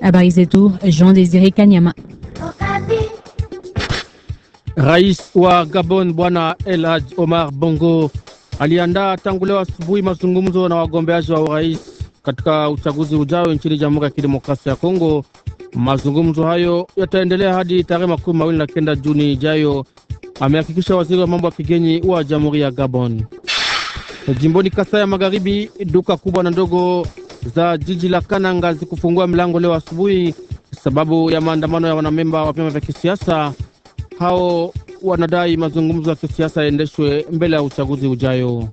Habari zetu Jean Desire Kanyama. Rais wa Gabon Bwana El Hadj Omar Bongo aliandaa tangu leo asubuhi mazungumzo na wagombeaji wa urais katika uchaguzi ujao nchini Jamhuri ya Kidemokrasia ya Kongo. Mazungumzo hayo yataendelea hadi tarehe makumi mawili na kenda Juni ijayo, amehakikisha waziri wa mambo ya kigeni wa Jamhuri ya Gabon. Jimboni Kasai ya Magharibi, duka kubwa na ndogo za jiji la Kananga zikufungua milango leo asubuhi sababu ya maandamano ya wanamemba wa vyama vya kisiasa. Hao wanadai mazungumzo ya kisiasa yaendeshwe mbele ya uchaguzi ujayo.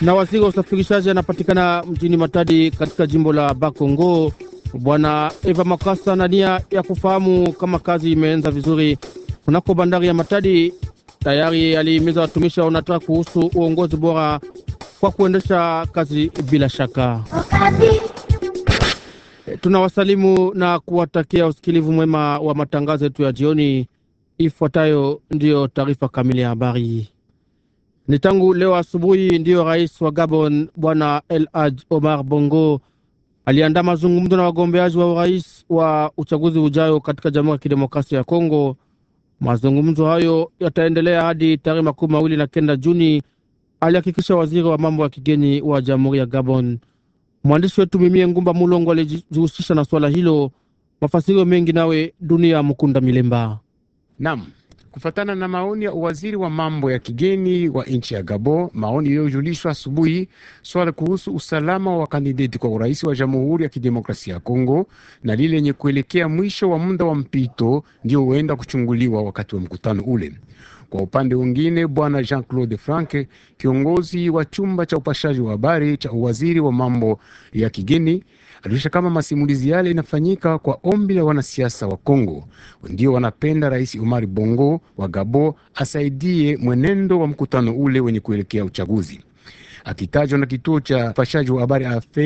Na waziri wa usafirishaji anapatikana mjini Matadi katika jimbo la Bakongo. Bwana Eva Makasa na nia ya kufahamu kama kazi imeanza vizuri kunako bandari ya Matadi. Tayari alihimiza watumishi wa Onatra kuhusu uongozi bora kwa kuendesha kazi bila shaka. Eh, tunawasalimu na kuwatakia usikilivu mwema wa matangazo yetu ya jioni. Ifuatayo ndiyo taarifa kamili ya habari. Ni tangu leo asubuhi ndiyo rais wa Gabon Bwana El Hadj Omar Bongo aliandaa mazungumzo na wagombeaji wa urais wa uchaguzi ujayo katika Jamhuri ya Kidemokrasia ya Kongo. Mazungumzo hayo yataendelea hadi tarehe makumi mawili na kenda Juni alihakikisha waziri wa mambo ya kigeni wa jamhuri ya Gabon. Mwandishi wetu Mimie Ngumba Mulongo alijihusisha na swala hilo. Mafasirio mengi nawe Dunia Mkunda Milemba. Naam, kufatana na maoni ya waziri wa mambo ya kigeni wa nchi ya Gabon, maoni iliyojulishwa asubuhi, swala kuhusu usalama wa kandideti kwa urais wa Jamhuri ya Kidemokrasia ya Kongo na lile lenye kuelekea mwisho wa muda wa mpito ndio huenda kuchunguliwa wakati wa mkutano ule. Kwa upande mwingine, bwana Jean Claude Franke, kiongozi wa chumba cha upashaji wa habari cha uwaziri wa mambo ya kigeni, alionyesha kama masimulizi yale inafanyika kwa ombi la wanasiasa wa Kongo ndio wanapenda Rais Omar Bongo wa Gabo asaidie mwenendo wa mkutano ule wenye kuelekea uchaguzi. Akitajwa na kituo cha upashaji wa habari AFP,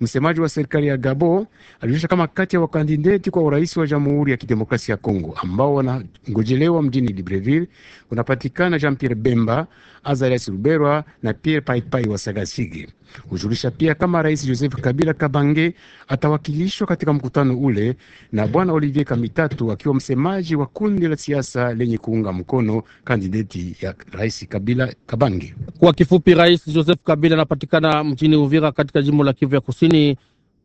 msemaji wa serikali ya Gabo alionyesha kama kati ya wakandideti kwa urais wa Jamhuri ya Kidemokrasia ya Kongo ambao wanangojelewa mjini Libreville kunapatikana Jean Pierre Bemba, Azarias Ruberwa na Pierre Paipai wa Sagasigi. Hujulisha pia kama Rais Joseph Kabila Kabange atawakilishwa katika mkutano ule na Bwana Olivier Kamitatu akiwa msemaji wa kundi la siasa lenye kuunga mkono kandideti ya Rais Kabila Kabange. Kwa kifupi, Rais Joseph Kabila anapatikana mjini Uvira katika jimbo la Kivu ya Kusini.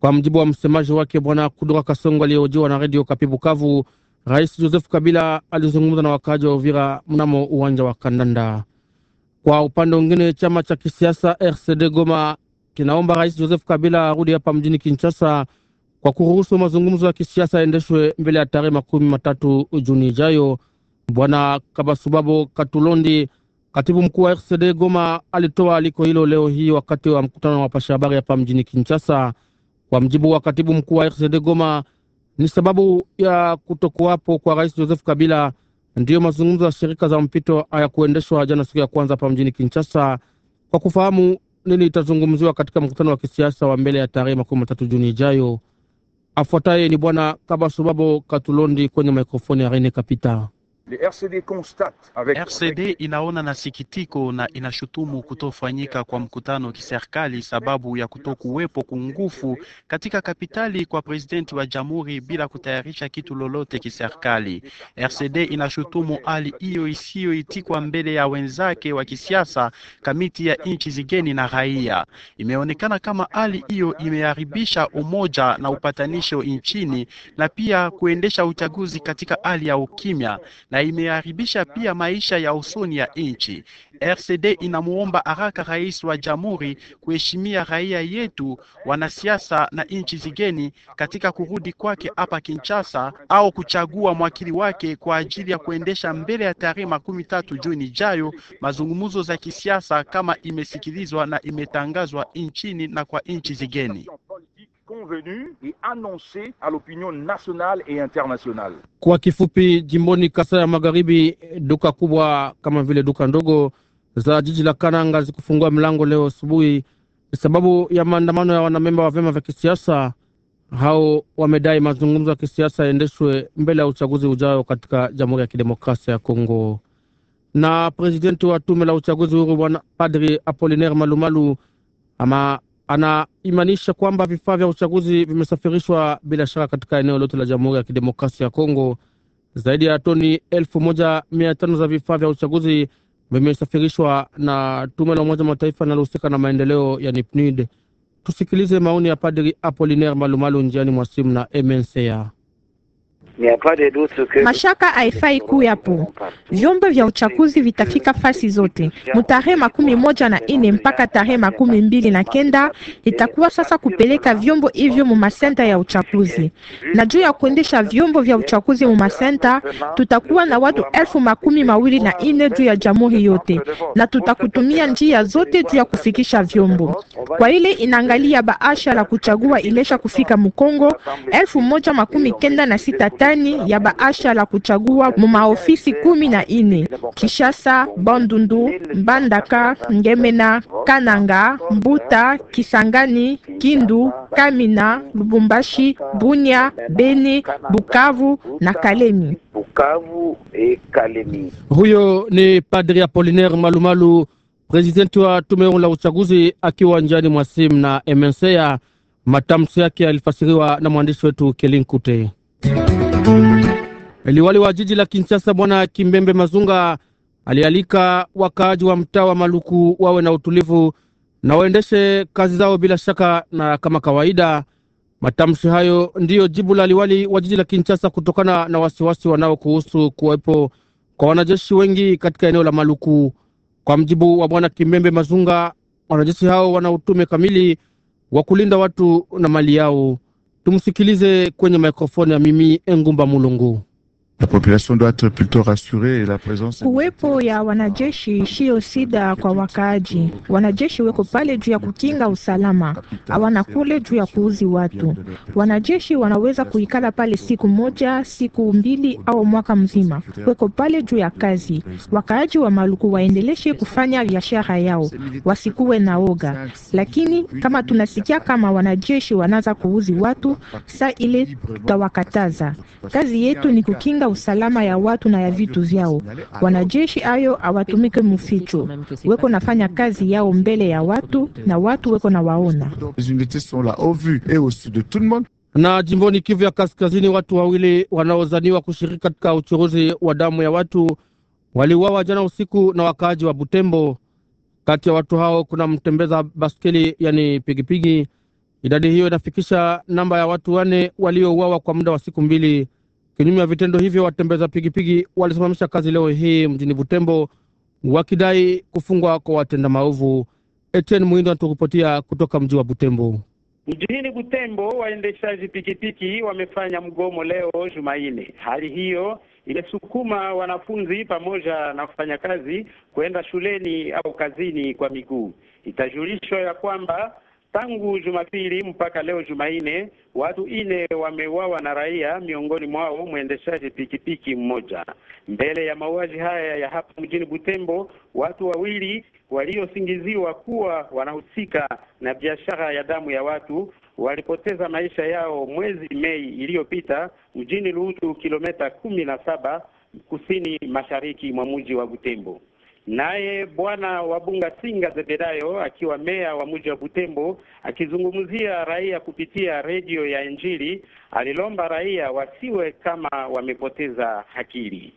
Kwa mjibu wa msemaji wake Bwana Kudura Kasongo aliyehojiwa na redio Kapi Bukavu, Rais Joseph Kabila alizungumza na wakaaji wa Uvira mnamo uwanja wa kandanda. Kwa upande mwingine, chama cha kisiasa RCD Goma kinaomba Rais Joseph Kabila arudi hapa mjini Kinshasa kwa kuruhusu mazungumzo ya kisiasa yaendeshwe mbele ya tarehe makumi matatu Juni ijayo. Bwana Kabasubabo Katulondi Katibu mkuu wa RCD Goma alitoa aliko hilo leo hii wakati wa mkutano wa pasha habari hapa mjini Kinshasa. Kwa mjibu wa katibu mkuu wa RCD Goma, ni sababu ya kutokuwapo kwa rais Joseph Kabila ndiyo mazungumzo ya shirika za mpito hayakuendeshwa jana siku ya kwanza hapa mjini Kinshasa, kwa kufahamu nini itazungumziwa katika mkutano wa kisiasa wa mbele ya tarehe makumi matatu Juni ijayo. Afuataye ni bwana Kabasubabo Katulondi kwenye mikrofoni ya Rene Kapita. Le RCD constate avec RCD inaona na sikitiko na inashutumu kutofanyika kwa mkutano wa kiserikali sababu ya kutokuwepo kungufu katika kapitali kwa presidenti wa jamhuri bila kutayarisha kitu lolote kiserikali. RCD inashutumu hali hiyo isiyoitikwa mbele ya wenzake wa kisiasa, kamiti ya nchi zigeni na raia. Imeonekana kama hali hiyo imeharibisha umoja na upatanisho nchini na pia kuendesha uchaguzi katika hali ya ukimya na na imeharibisha pia maisha ya usoni ya nchi. RCD inamuomba haraka rais wa jamhuri kuheshimia raia yetu, wanasiasa na nchi zigeni katika kurudi kwake hapa Kinshasa au kuchagua mwakili wake kwa ajili ya kuendesha mbele ya tarehe makumi tatu Juni ijayo mazungumzo za kisiasa kama imesikilizwa na imetangazwa nchini na kwa nchi zigeni sont et annoncés à l'opinion nationale et internationale. Kwa kifupi, jimboni kasa ya Magharibi, duka kubwa kama vile duka ndogo za jiji la Kananga zikufungua mlango leo asubuhi sababu ya maandamano ya wanamemba wa vyama vya kisiasa. Hao wamedai mazungumzo ya kisiasa yaendeshwe mbele ya uchaguzi ujao katika Jamhuri ya Kidemokrasia ya Kongo. Na presidenti wa tume la uchaguzi huru bwana Padri Apolinaire Malumalu ama anaimanisha kwamba vifaa vya uchaguzi vimesafirishwa bila shaka katika eneo lote la Jamhuri ya Kidemokrasia ya Kongo. Zaidi ya toni elfu moja mia tano za vifaa vya uchaguzi vimesafirishwa na tume la Umoja Mataifa linalohusika na maendeleo ya NIPNID. Tusikilize maoni ya Padri Apolinaire Malumalu njiani mwa simu na MNCA. Mashaka haifai yapo. Vyombo vya uchaguzi vitafika fasi zote mutarehe makumi moja na ine mpaka tarehe makumi mbili na kenda itakuwa sasa kupeleka vyombo hivyo mu masenta ya uchaguzi, na juu ya kuendesha vyombo vya uchaguzi mu masenta tutakuwa na watu elfu makumi mawili na ine juu ya jamhuri yote, na tutakutumia njia zote juu ya kufikisha vyombo kwa ile inaangalia baasha la kuchagua ilesha kufika Mkongo elfu moja makumi kenda na sita ndani ya baasha la kuchagua mu maofisi kumi na ine Kishasa, Bandundu, Mbandaka, Ngemena, Kananga, Mbuta, Kisangani, Kindu, Kamina, Lubumbashi, Bunia, Beni, Bukavu na Kalemi. Bukavu e Kalemi. Huyo ni Padri Apolinaire Malumalu, presidenti wa tume la uchaguzi akiwa njani mwa simu na MNC. Matamshi yake yalifasiriwa na mwandishi wetu Kelinkute Kute. Liwali wa jiji la Kinshasa Bwana Kimbembe Mazunga alialika wakaaji wa mtaa wa Maluku wawe na utulivu na waendeshe kazi zao bila shaka na kama kawaida. Matamshi hayo ndiyo jibu la liwali wa jiji la Kinshasa kutokana na wasiwasi wanao kuhusu kuwepo kwa wanajeshi wengi katika eneo la Maluku. Kwa mjibu wa Bwana kimbembe Mazunga, wanajeshi hao wana utume kamili wa kulinda watu na mali yao. Tumsikilize kwenye mikrofoni ya mimi Engumba Mulungu. La population doit être plutôt rassurée et la présence. Kuwepo ya wanajeshi sio sida kwa wakaaji. Wanajeshi weko pale juu ya kukinga usalama, hawana kule juu ya kuuzi watu. Wanajeshi wanaweza kuikala pale siku moja, siku mbili au mwaka mzima, weko pale juu ya kazi. Wakaaji wa Maluku waendeleshe kufanya biashara yao, wasikuwe na oga. Lakini kama tunasikia kama wanajeshi wanaanza kuuzi watu, saa ile tutawakataza. Kazi yetu ni kukinga usalama ya watu na ya vitu vyao. Wanajeshi ayo awatumike mficho weko nafanya kazi yao mbele ya watu na watu weko na waona na jimboni Kivu ya Kaskazini, watu wawili wanaozaniwa kushiriki katika uchuruzi wa damu ya watu waliuawa jana usiku na wakaaji wa Butembo. Kati ya watu hao kuna mtembeza baskeli, yani pigipigi. Idadi hiyo inafikisha namba ya watu wane waliouawa kwa muda wa siku mbili. Kinyume ya vitendo hivyo, watembeza pikipiki walisimamisha kazi leo hii mjini Butembo wakidai kufungwa kwa watenda maovu. Etienne Mwindo anatukupotia kutoka mji wa Butembo. Mjini Butembo waendeshaji pikipiki wamefanya mgomo leo Jumanne. Hali hiyo imesukuma wanafunzi pamoja na wafanyakazi kwenda shuleni au kazini kwa miguu. Itajulishwa ya kwamba Tangu Jumapili mpaka leo Jumanne, watu ine wameuawa na raia, miongoni mwao mwendeshaji pikipiki mmoja. Mbele ya mauaji haya ya hapa mjini Butembo, watu wawili waliosingiziwa kuwa wanahusika na biashara ya damu ya watu walipoteza maisha yao mwezi Mei iliyopita mjini Lutu, kilometa kumi na saba kusini mashariki mwa mji wa Butembo. Naye Bwana singa Zebedayo akiwa meya wa mji wa Butembo, akizungumzia raia kupitia redio ya Injili, alilomba raia wasiwe kama wamepoteza akili.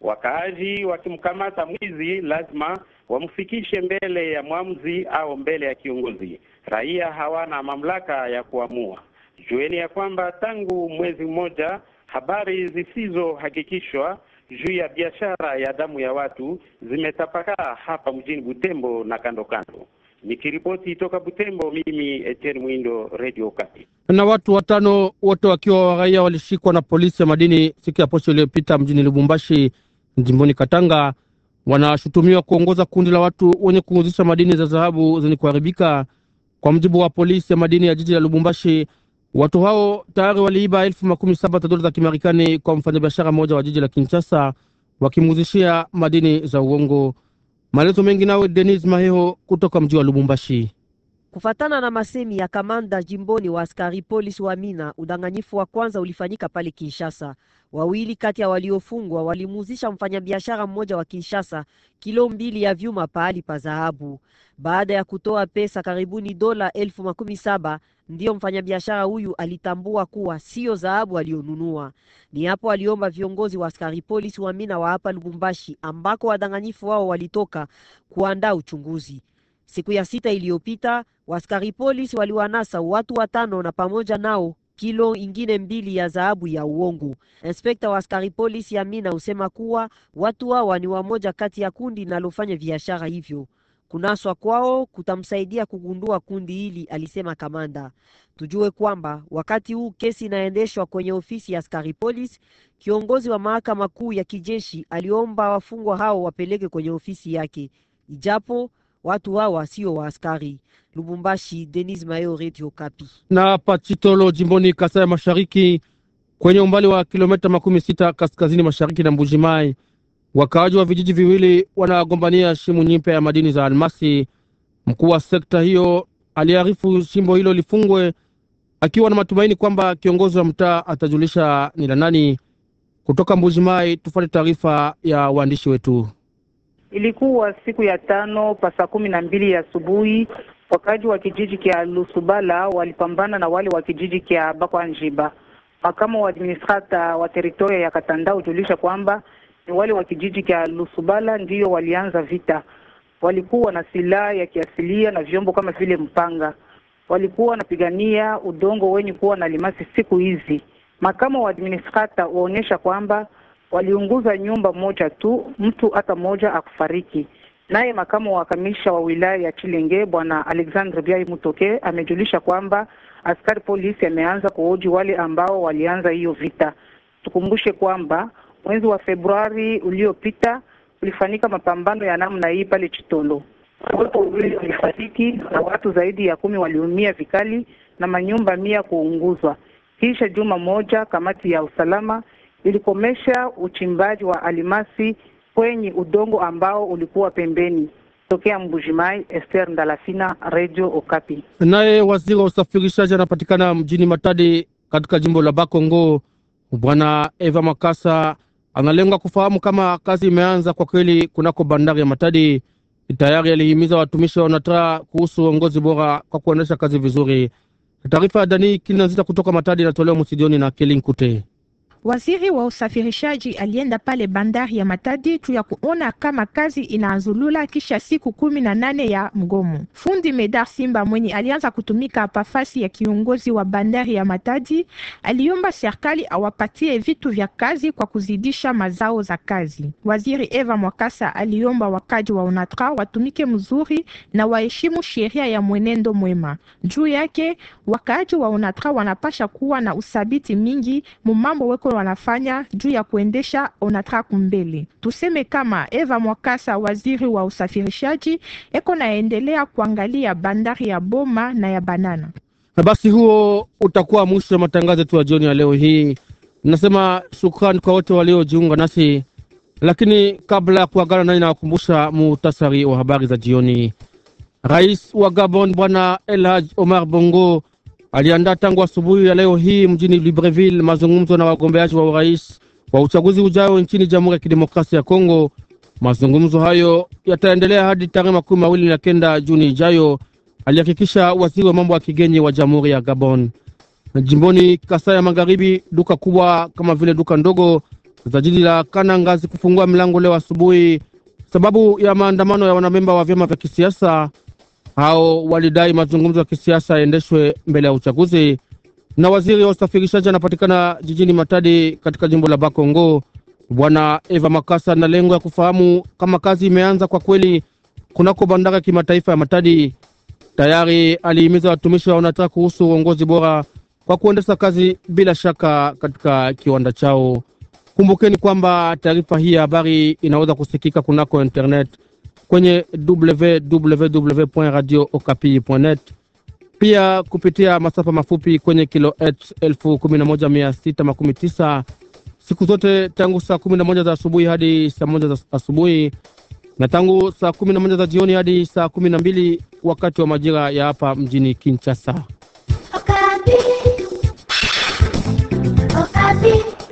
Wakaaji wakimkamata mwizi lazima wamfikishe mbele ya mwamzi au mbele ya kiongozi. Raia hawana mamlaka ya kuamua. Jueni ya kwamba tangu mwezi mmoja habari zisizohakikishwa juu ya biashara ya damu ya watu zimetapakaa hapa mjini Butembo na kando kando. Nikiripoti toka Butembo, mimi Etienne Mwindo, Radio Kati. Na watu watano wote wakiwa raia walishikwa na polisi ya madini siku ya posho iliyopita mjini Lubumbashi, jimboni Katanga. Wanashutumiwa kuongoza kundi la watu wenye kuuzisha madini za dhahabu zenye kuharibika. Kwa mjibu wa polisi ya madini ya jiji la Lubumbashi, Watu hao tayari waliiba elfu makumi saba za dola za Kimarekani kwa mfanyabiashara mmoja wa jiji la Kinshasa, wakimuuzishia madini za uongo. Maelezo mengi nawe Denis Maheho kutoka mji wa Lubumbashi. Kufatana na masemi ya kamanda jimboni wa askari polisi wa Mina, udanganyifu wa kwanza ulifanyika pale Kinshasa. Wawili kati ya waliofungwa walimuuzisha mfanyabiashara mmoja wa Kinshasa kilo mbili ya vyuma pahali pa dhahabu. Baada ya kutoa pesa karibuni dola elfu makumi saba Ndiyo mfanyabiashara huyu alitambua kuwa sio dhahabu aliyonunua. Ni hapo aliomba viongozi wa askari polisi wa Mina wa hapa Lubumbashi, ambako wadanganyifu wao walitoka, kuandaa uchunguzi. Siku ya sita iliyopita, waskari polisi waliwanasa watu watano na pamoja nao kilo ingine mbili ya dhahabu ya uongo. Inspekta wa askari polisi ya Mina husema kuwa watu hawa ni wamoja kati ya kundi linalofanya biashara hivyo. Kunaswa kwao kutamsaidia kugundua kundi hili, alisema kamanda. Tujue kwamba wakati huu kesi inaendeshwa kwenye ofisi ya askari polisi. Kiongozi wa mahakama kuu ya kijeshi aliomba wafungwa hao wapeleke kwenye ofisi yake, ijapo watu hawa sio wa askari. Lubumbashi, Denis Mayo, Radio Na hapa Chitolo, jimboni Kasai ya Mashariki, kwenye umbali wa kilometa makumi sita kaskazini mashariki na Mbujimai Wakaaji wa vijiji viwili wanagombania shimo nyipya ya madini za almasi. Mkuu wa sekta hiyo aliarifu shimbo hilo lifungwe, akiwa na matumaini kwamba kiongozi wa mtaa atajulisha ni la nani. Kutoka Mbujimai tufate taarifa ya waandishi wetu. Ilikuwa siku ya tano pa saa kumi na mbili ya asubuhi wakaaji wa kijiji kya Lusubala walipambana na wale wa kijiji kya Bakwanjiba. Makamu wa administrata wa teritoria ya Katanda hujulisha kwamba ni wale wa kijiji cha Lusubala ndiyo walianza vita. Walikuwa na silaha ya kiasilia na vyombo kama vile mpanga, walikuwa wanapigania udongo wenye kuwa na limasi. Siku hizi makamo wa administrata waonyesha kwamba waliunguza nyumba moja tu, mtu hata mmoja akufariki. Naye makamo wa kamisha wa wilaya ya Chilenge bwana Alexandre Biai Mutoke amejulisha kwamba askari polisi ameanza kuhoji wale ambao walianza hiyo vita. Tukumbushe kwamba mwezi wa Februari uliopita ulifanyika mapambano ya namna hii pale Chitolo, watu wawili walifariki na watu zaidi ya kumi waliumia vikali na manyumba mia kuunguzwa. Kisha juma moja, kamati ya usalama ilikomesha uchimbaji wa alimasi kwenye udongo ambao ulikuwa pembeni. Tokea Mbujimai, Esther Ndalafina, Radio Okapi. Naye waziri wa usafirishaji anapatikana mjini Matadi katika jimbo la Bakongo, Bwana Eva Makasa analenga kufahamu kama kazi imeanza kwa kweli kunako bandari ya Matadi. Tayari alihimiza watumishi wa Onatra kuhusu uongozi bora kwa kuendesha kazi vizuri. Taarifa ya Dani Kilinazita kutoka Matadi inatolewa msidioni na Kelinkute. Waziri wa usafirishaji alienda pale bandari ya Matadi tu ya kuona kama kazi inaanzulula kisha siku kumi na nane ya mgomo. Fundi Medar Simba mwenye alianza kutumika pafasi ya kiongozi wa bandari ya Matadi aliomba serikali awapatie vitu vya kazi kwa kuzidisha mazao za kazi. Waziri Eva Mwakasa aliomba wakaji wa Onatra watumike mzuri na waheshimu sheria ya mwenendo mwema. Juu yake, wakaji wa Onatra wanapasha kuwa na usabiti mingi mumambo weko wanafanya juu ya kuendesha ONATRAK kumbele. Tuseme kama Eva Mwakasa, waziri wa usafirishaji, eko naendelea kuangalia bandari ya Boma na ya Banana. Na basi huo utakuwa mwisho wa matangazo yetu ya jioni ya leo hii. Nasema shukrani kwa wote waliojiunga nasi, lakini kabla ya kuagana nani, nawakumbusha muhtasari wa habari za jioni. Rais wa Gabon Bwana Elhaj Omar Bongo aliandaa tangu asubuhi ya leo hii mjini Libreville mazungumzo na wagombeaji wa urais wa uchaguzi ujao nchini Jamhuri ya Kidemokrasia ya Kongo. Mazungumzo hayo yataendelea hadi tarehe makumi mawili na kenda Juni ijayo, alihakikisha waziri wa mambo ya kigeni wa Jamhuri ya Gabon. Jimboni Kasai ya Magharibi, duka kubwa kama vile duka ndogo za jiji la Kananga zikufungua milango leo asubuhi sababu ya maandamano ya wanamemba wa vyama vya kisiasa. Hao walidai mazungumzo ya kisiasa yaendeshwe mbele ya uchaguzi. Na waziri wa usafirishaji anapatikana jijini Matadi katika jimbo la Bakongo, bwana Eva Makasa, na lengo ya kufahamu kama kazi imeanza kwa kweli kunako bandari ya kimataifa ya Matadi. Tayari alihimiza watumishi wa ONATRA kuhusu uongozi bora kwa kuendesha kazi bila shaka katika kiwanda chao. Kumbukeni kwamba taarifa hii ya habari inaweza kusikika kunako internet kwenye www.radiookapi.net pia kupitia masafa mafupi kwenye kilohertz 11619 siku zote tangu saa 11 za asubuhi hadi saa 1 za asubuhi na tangu saa 11 za jioni hadi saa 12 wakati wa majira ya hapa mjini Kinshasa. Okapi. Okapi.